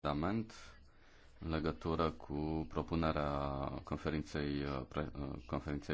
amendament în legătură cu propunerea conferinței, uh, uh, conferinței